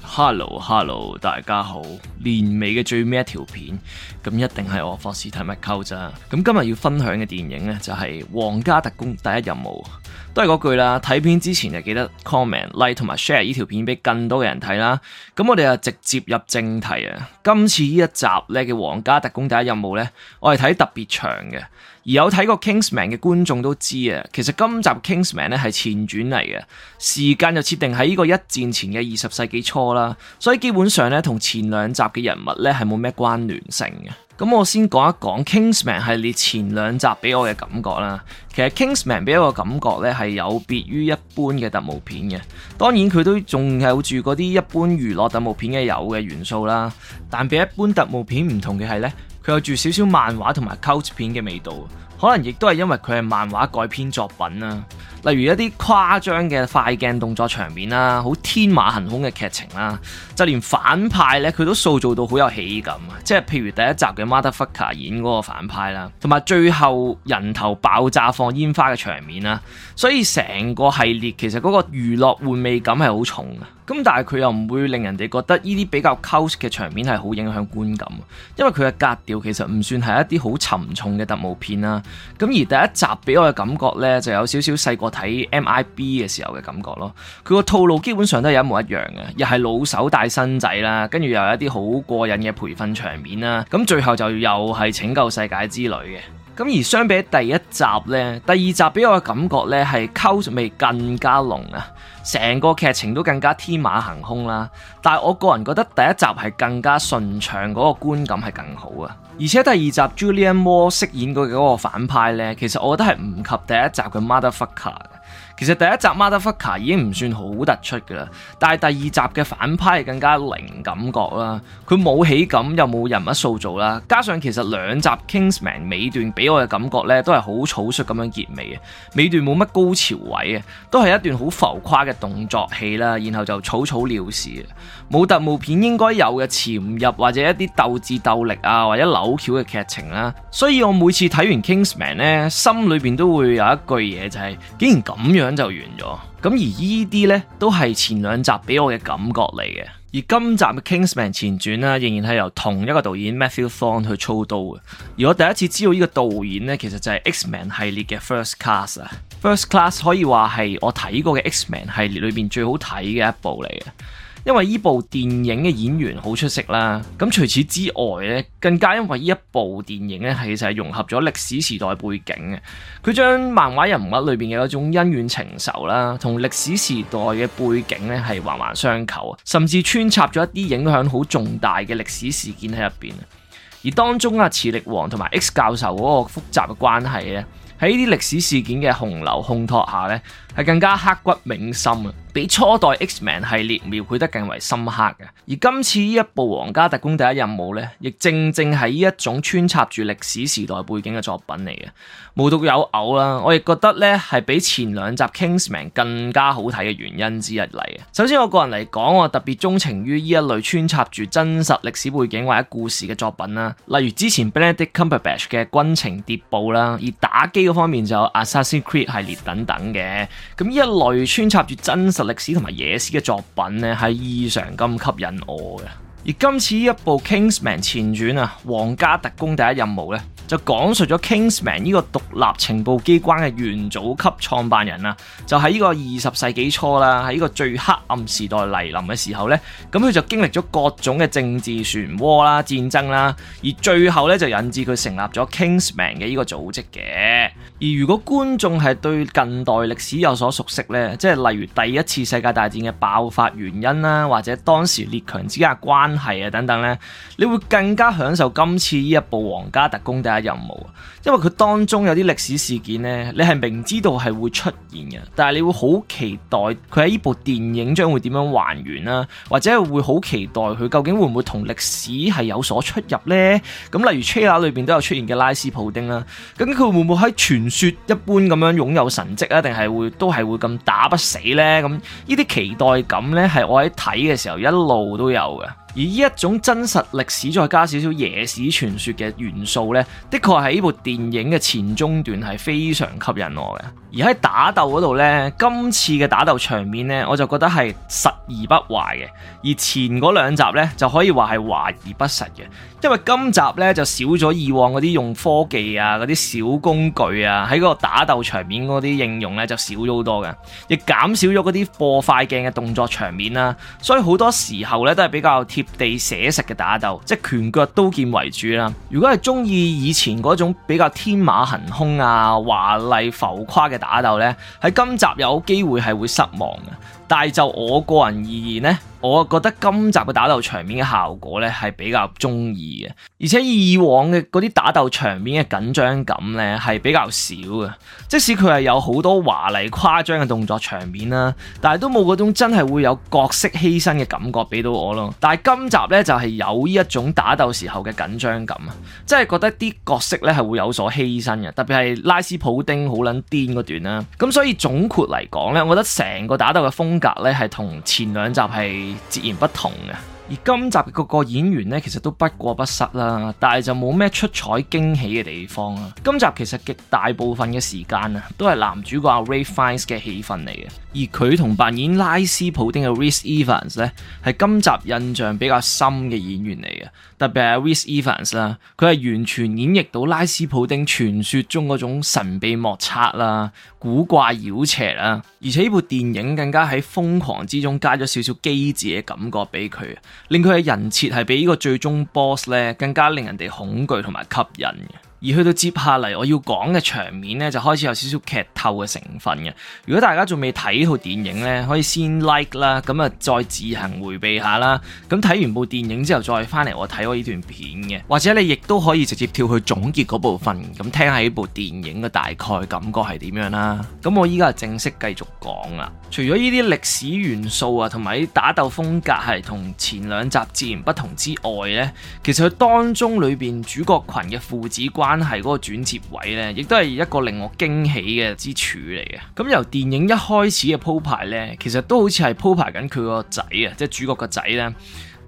Hello，Hello，大家好。年尾嘅最尾一條片，咁一定係我霍士睇乜 Cult 咋。咁今日要分享嘅電影呢，就係《皇家特工第一任務》。都係嗰句啦，睇片之前就記得 comment、like 同埋 share 呢條片俾更多嘅人睇啦。咁我哋就直接入正題啊。今次呢一集咧嘅《皇家特工第一任務》咧，我係睇得特別長嘅。而有睇過《Kingsman》嘅觀眾都知啊，其實今集《Kingsman》咧係前傳嚟嘅，時間就設定喺呢個一戰前嘅二十世紀初啦，所以基本上咧同前兩集嘅人物咧係冇咩關聯性嘅。咁我先講一講《Kingsman》系列前兩集俾我嘅感覺啦。其實《Kingsman》俾我嘅感覺咧，係有別於一般嘅特務片嘅。當然佢都仲有住嗰啲一般娛樂特務片嘅有嘅元素啦。但比一般特務片唔同嘅係咧，佢有住少少漫畫同埋 cult 片嘅味道。可能亦都係因為佢係漫畫改編作品啦、啊，例如一啲誇張嘅快鏡動作場面啦、啊，好天馬行空嘅劇情啦、啊，就連反派呢，佢都塑造到好有喜感啊！即係譬如第一集嘅 Motherfucker 演嗰個反派啦、啊，同埋最後人頭爆炸放煙花嘅場面啦、啊，所以成個系列其實嗰個娛樂玩味感係好重嘅。咁但係佢又唔會令人哋覺得呢啲比較 close 嘅場面係好影響觀感，因為佢嘅格調其實唔算係一啲好沉重嘅特務片啦。咁而第一集俾我嘅感覺呢，就有少少細個睇 MIB 嘅時候嘅感覺咯。佢個套路基本上都係一模一樣嘅，又係老手帶新仔啦，跟住又有一啲好過癮嘅培訓場面啦。咁最後就又係拯救世界之類嘅。咁而相比第一集呢，第二集俾我嘅感覺呢，係 close 味更加濃啊！成個劇情都更加天馬行空啦，但我個人覺得第一集係更加順暢，嗰個觀感係更好啊。而且第二集 Julian Moore 飾演過嗰個反派呢，其實我覺得係唔及第一集嘅 Motherfucker。Mother 其實第一集《Motherfucker》已經唔算好突出噶啦，但係第二集嘅反派更加零感覺啦。佢冇喜感，又冇人物塑造啦。加上其實兩集《King’s Man》尾段俾我嘅感覺咧，都係好草率咁樣結尾嘅。尾段冇乜高潮位啊，都係一段好浮誇嘅動作戲啦，然後就草草了事，冇特務片應該有嘅潛入或者一啲鬥智鬥力啊或者扭橋嘅劇情啦。所以我每次睇完《King’s Man》呢，心裏邊都會有一句嘢就係、是，竟然咁樣。咁就完咗。咁而呢啲呢，都係前兩集俾我嘅感覺嚟嘅。而今集嘅《Kingsman 前傳》啦，仍然係由同一個導演 Matthew Vaughn 去操刀嘅。而我第一次知道呢個導演呢，其實就係 X-Men 系列嘅 First Class 啊。First Class 可以話係我睇過嘅 X-Men 系列裏邊最好睇嘅一部嚟嘅。因為呢部電影嘅演員好出色啦，咁除此之外咧，更加因為呢一部電影咧其實係融合咗歷史時代背景嘅，佢將漫畫人物裏邊嘅一種恩怨情仇啦，同歷史時代嘅背景咧係環環相扣，甚至穿插咗一啲影響好重大嘅歷史事件喺入邊，而當中阿磁力王同埋 X 教授嗰個複雜嘅關係咧，喺呢啲歷史事件嘅洪流烘托下咧。係更加刻骨銘心啊，比初代 X-Men 系列描繪得更為深刻嘅。而今次呢一部《皇家特工第一任務》呢，亦正正係呢一種穿插住歷史時代背景嘅作品嚟嘅。無獨有偶啦，我亦覺得呢係比前兩集《Kingsman》更加好睇嘅原因之一嚟嘅。首先我個人嚟講，我特別鍾情於呢一類穿插住真實歷史背景或者故事嘅作品啦，例如之前 Benedict Cumberbatch 嘅《軍情諜報》啦，而打機嗰方面就有《Assassin Creed》系列等等嘅。咁呢一類穿插住真實歷史同埋野史嘅作品呢，係異常咁吸引我嘅。而今次呢一部《Kingsman 前傳》啊，《皇家特工第一任務》呢，就講述咗 Kingsman 呢個獨立情報機關嘅元祖級創辦人啊。就喺呢個二十世紀初啦，喺呢個最黑暗時代嚟臨嘅時候呢，咁佢就經歷咗各種嘅政治漩渦啦、戰爭啦，而最後呢，就引致佢成立咗 Kingsman 嘅呢個組織嘅。而如果觀眾係對近代歷史有所熟悉呢即係例如第一次世界大戰嘅爆發原因啦，或者當時列強之間嘅關係啊等等呢你會更加享受今次呢一部《皇家特工第一任務》因為佢當中有啲歷史事件呢你係明知道係會出現嘅，但係你會好期待佢喺呢部電影將會點樣還原啦，或者會好期待佢究竟會唔會同歷史係有所出入呢。咁例如車架裏邊都有出現嘅拉斯普丁啦，咁佢會唔會喺全說一般咁樣擁有神迹啊，定係會都係會咁打不死呢？咁呢啲期待感呢，係我喺睇嘅時候一路都有嘅。而呢一種真實歷史再加少少野史傳說嘅元素呢，的確係呢部電影嘅前中段係非常吸引我嘅。而喺打鬥嗰度呢，今次嘅打鬥場面呢，我就覺得係實而不華嘅。而前嗰兩集呢，就可以話係華而不實嘅，因為今集呢，就少咗以往嗰啲用科技啊、嗰啲小工具啊，喺嗰個打鬥場面嗰啲應用呢，就少咗好多嘅，亦減少咗嗰啲破快鏡嘅動作場面啦、啊。所以好多時候呢，都係比較。貼地寫實嘅打鬥，即係拳腳刀劍為主啦。如果係中意以前嗰種比較天馬行空啊、華麗浮誇嘅打鬥呢，喺今集有機會係會失望嘅。但係就我個人而言呢。我覺得今集嘅打鬥場面嘅效果呢係比較中意嘅，而且以往嘅嗰啲打鬥場面嘅緊張感呢係比較少嘅。即使佢係有好多華麗誇張嘅動作場面啦，但係都冇嗰種真係會有角色犧牲嘅感覺俾到我咯。但係今集呢，就係有依一種打鬥時候嘅緊張感啊，即係覺得啲角色呢係會有所犧牲嘅，特別係拉斯普丁好撚癲嗰段啦。咁所以總括嚟講呢，我覺得成個打鬥嘅風格呢係同前兩集係截然不同啊！而今集嘅各個演員呢，其實都不過不失啦，但係就冇咩出彩驚喜嘅地方啦。今集其實極大部分嘅時間啊，都係男主角 Ray Fiennes 嘅戲份嚟嘅，而佢同扮演拉斯普丁嘅 Rice Evans 呢，係今集印象比較深嘅演員嚟嘅。特別係 Rice Evans 啦，佢係完全演繹到拉斯普丁傳說中嗰種神秘莫測啦、古怪妖邪啦，而且呢部電影更加喺瘋狂之中加咗少少機智嘅感覺俾佢。令佢嘅人設係比呢個最終 boss 咧更加令人哋恐懼同埋吸引嘅。而去到接下嚟我要講嘅場面咧，就開始有少少劇透嘅成分嘅。如果大家仲未睇套電影咧，可以先 like 啦，咁啊再自行回避下啦。咁睇完部電影之後再翻嚟，我睇過呢段片嘅，或者你亦都可以直接跳去總結嗰部分，咁聽下呢部電影嘅大概感覺係點樣啦。咁我依家就正式繼續講啦。除咗呢啲歷史元素啊，同埋打鬥風格係同前兩集截然不同之外咧，其實佢當中裏邊主角群嘅父子關，關係嗰個轉折位呢，亦都係一個令我驚喜嘅之處嚟嘅。咁由電影一開始嘅鋪排呢，其實都好似係鋪排緊佢個仔啊，即係主角個仔呢。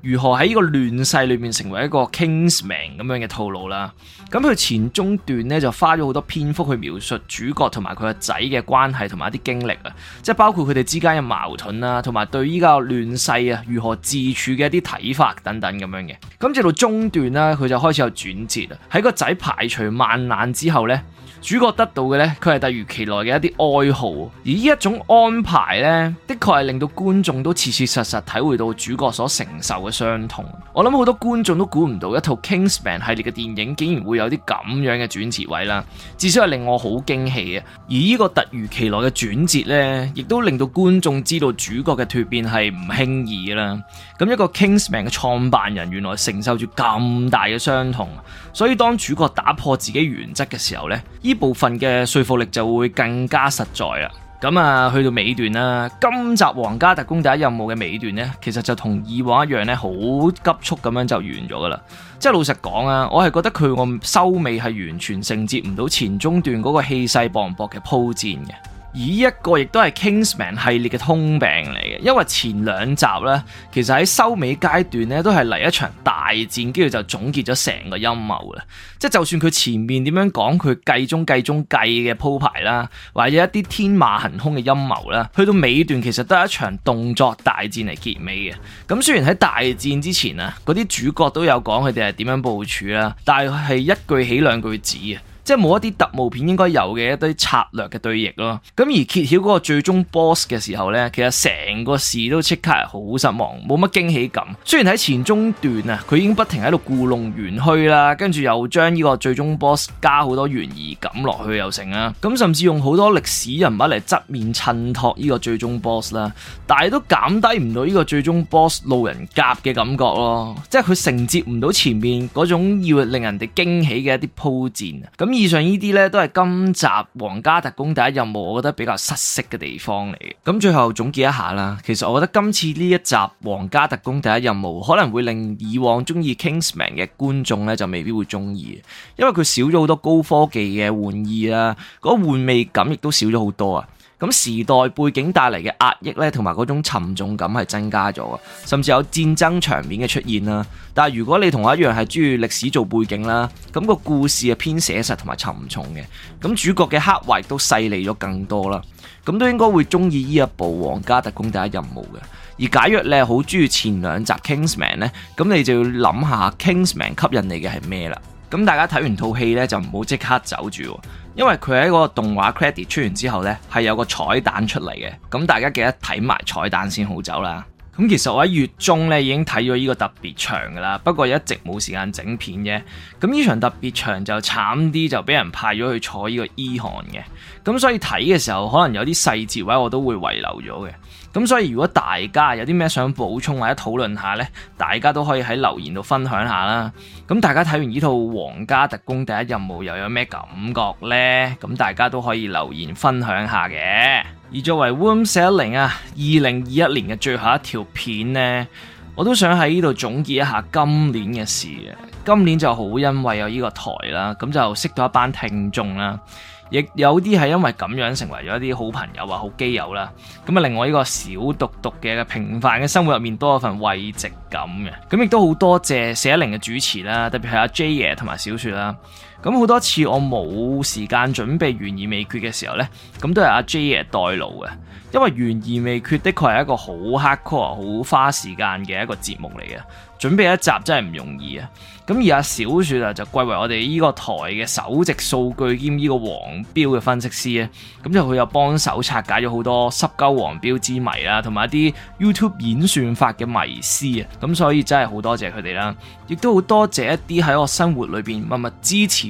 如何喺呢個亂世裏面成為一個 King's Man 咁樣嘅套路啦。咁佢前中段呢，就花咗好多篇幅去描述主角同埋佢個仔嘅關係同埋一啲經歷啊，即係包括佢哋之間嘅矛盾啊，同埋對依家個亂世啊如何自處嘅一啲睇法等等咁樣嘅。咁直到中段啦，佢就開始有轉折啦。喺個仔排除萬難之後呢。主角得到嘅咧，佢係突如其來嘅一啲哀嚎，而呢一種安排咧，的確係令到觀眾都切切實實體會到主角所承受嘅傷痛。我諗好多觀眾都估唔到一套 Kingsman 系列嘅電影竟然會有啲咁樣嘅轉折位啦，至少係令我好驚喜嘅。而呢個突如其來嘅轉折咧，亦都令到觀眾知道主角嘅蛻變係唔輕易啦。咁一個 Kingsman 嘅創辦人原來承受住咁大嘅傷痛，所以當主角打破自己原則嘅時候咧，呢部分嘅說服力就會更加實在啦。咁啊，去到尾段啦、啊，今集《皇家特工第一任務》嘅尾段呢，其實就同以往一樣呢好急速咁樣就完咗噶啦。即係老實講啊，我係覺得佢個收尾係完全承接唔到前中段嗰個氣勢磅礴嘅鋪墊嘅。以一個亦都係 Kingsman 系列嘅通病嚟嘅，因為前兩集呢，其實喺收尾階段呢，都係嚟一場大戰，跟住就總結咗成個陰謀啦。即就算佢前面點樣講佢計中計中計嘅鋪排啦，或者一啲天馬行空嘅陰謀啦，去到尾段其實都係一場動作大戰嚟結尾嘅。咁雖然喺大戰之前啊，嗰啲主角都有講佢哋係點樣部署啦，但係係一句起兩句止嘅。即係冇一啲特務片應該有嘅一堆策略嘅對弈咯。咁而揭曉嗰個最終 boss 嘅時候呢，其實成個事都即刻係好失望，冇乜驚喜感。雖然喺前中段啊，佢已經不停喺度故弄玄虛啦，跟住又將呢個最終 boss 加好多懸疑感落去又成啦。咁甚至用好多歷史人物嚟側面襯托呢個最終 boss 啦，但係都減低唔到呢個最終 boss 路人甲嘅感覺咯。即係佢承接唔到前面嗰種要令人哋驚喜嘅一啲鋪墊啊。咁以上呢啲呢都係今集《皇家特工第一任務》我覺得比較失色嘅地方嚟。咁最後總結一下啦，其實我覺得今次呢一集《皇家特工第一任務》可能會令以往中意 Kingsman 嘅觀眾呢就未必會中意，因為佢少咗好多高科技嘅玩意啊，嗰個玩味感亦都少咗好多啊。咁時代背景帶嚟嘅壓抑呢，同埋嗰種沉重感係增加咗嘅，甚至有戰爭場面嘅出現啦。但係如果你同我一樣係中意歷史做背景啦，咁個故事係偏寫實同埋沉重嘅，咁主角嘅刻畫都細膩咗更多啦。咁都應該會中意呢一部《皇家特工第一任務》嘅。而假若你係好中意前兩集《King’s ManKingsman》呢，咁你就要諗下《Kingsman》吸引你嘅係咩啦？咁大家睇完套戲呢，就唔好即刻走住。因為佢喺嗰個動畫 credit 出完之後呢，係有個彩蛋出嚟嘅，咁大家記得睇埋彩蛋先好走啦。咁其實我喺月中咧已經睇咗呢個特別場㗎喇，不過一直冇時間整片啫。咁呢場特別場就慘啲，就俾人派咗去坐呢個 E 行嘅。咁所以睇嘅時候，可能有啲細節位我都會遺留咗嘅。咁所以如果大家有啲咩想補充或者討論下呢，大家都可以喺留言度分享下啦。咁大家睇完呢套《皇家特工第一任務》又有咩感覺呢？咁大家都可以留言分享下嘅。而作為 Room 410啊，二零二一年嘅最後一條片呢，我都想喺呢度總結一下今年嘅事嘅。今年就好，因為有呢個台啦，咁就識到一班聽眾啦，亦有啲係因為咁樣成為咗一啲好朋友啊、好基友啦。咁啊，令我呢個小毒毒嘅平凡嘅生活入面多一份慰藉感嘅。咁亦都好多謝410嘅主持啦，特別係阿 J 爺同埋小雪啦。咁好多次我冇時間準備《懸疑未決》嘅時候呢，咁都係阿 J 爺代勞嘅，因為《懸疑未決》的確係一個好 hardcore、好花時間嘅一個節目嚟嘅，準備一集真係唔容易啊！咁而阿小雪啊，就貴為我哋呢個台嘅首席數據兼呢個黃標嘅分析師啊，咁就佢又幫手拆解咗好多濕鳩黃標之謎啦，同埋一啲 YouTube 演算法嘅迷思啊，咁所以真係好多謝佢哋啦，亦都好多謝一啲喺我生活裏邊默默支持。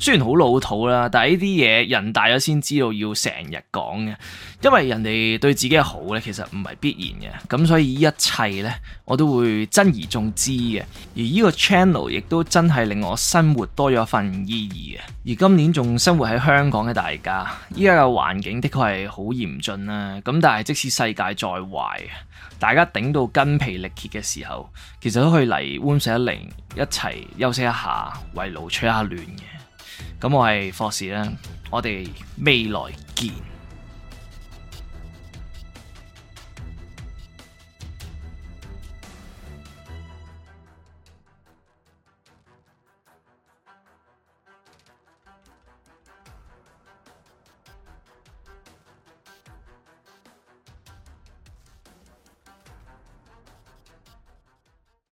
雖然好老土啦，但係呢啲嘢人大咗先知道要成日講嘅，因為人哋對自己嘅好咧，其實唔係必然嘅。咁所以一切呢，我都會珍而重之嘅。而呢個 channel 亦都真係令我生活多咗一份意義嘅。而今年仲生活喺香港嘅大家，依家嘅環境的確係好嚴峻啦。咁但係即使世界再壞，大家頂到筋疲力竭嘅時候，其實都可以嚟 Room 410一齊休息一下，圍爐取下暖嘅。咁我係霍士啦，我哋未來見。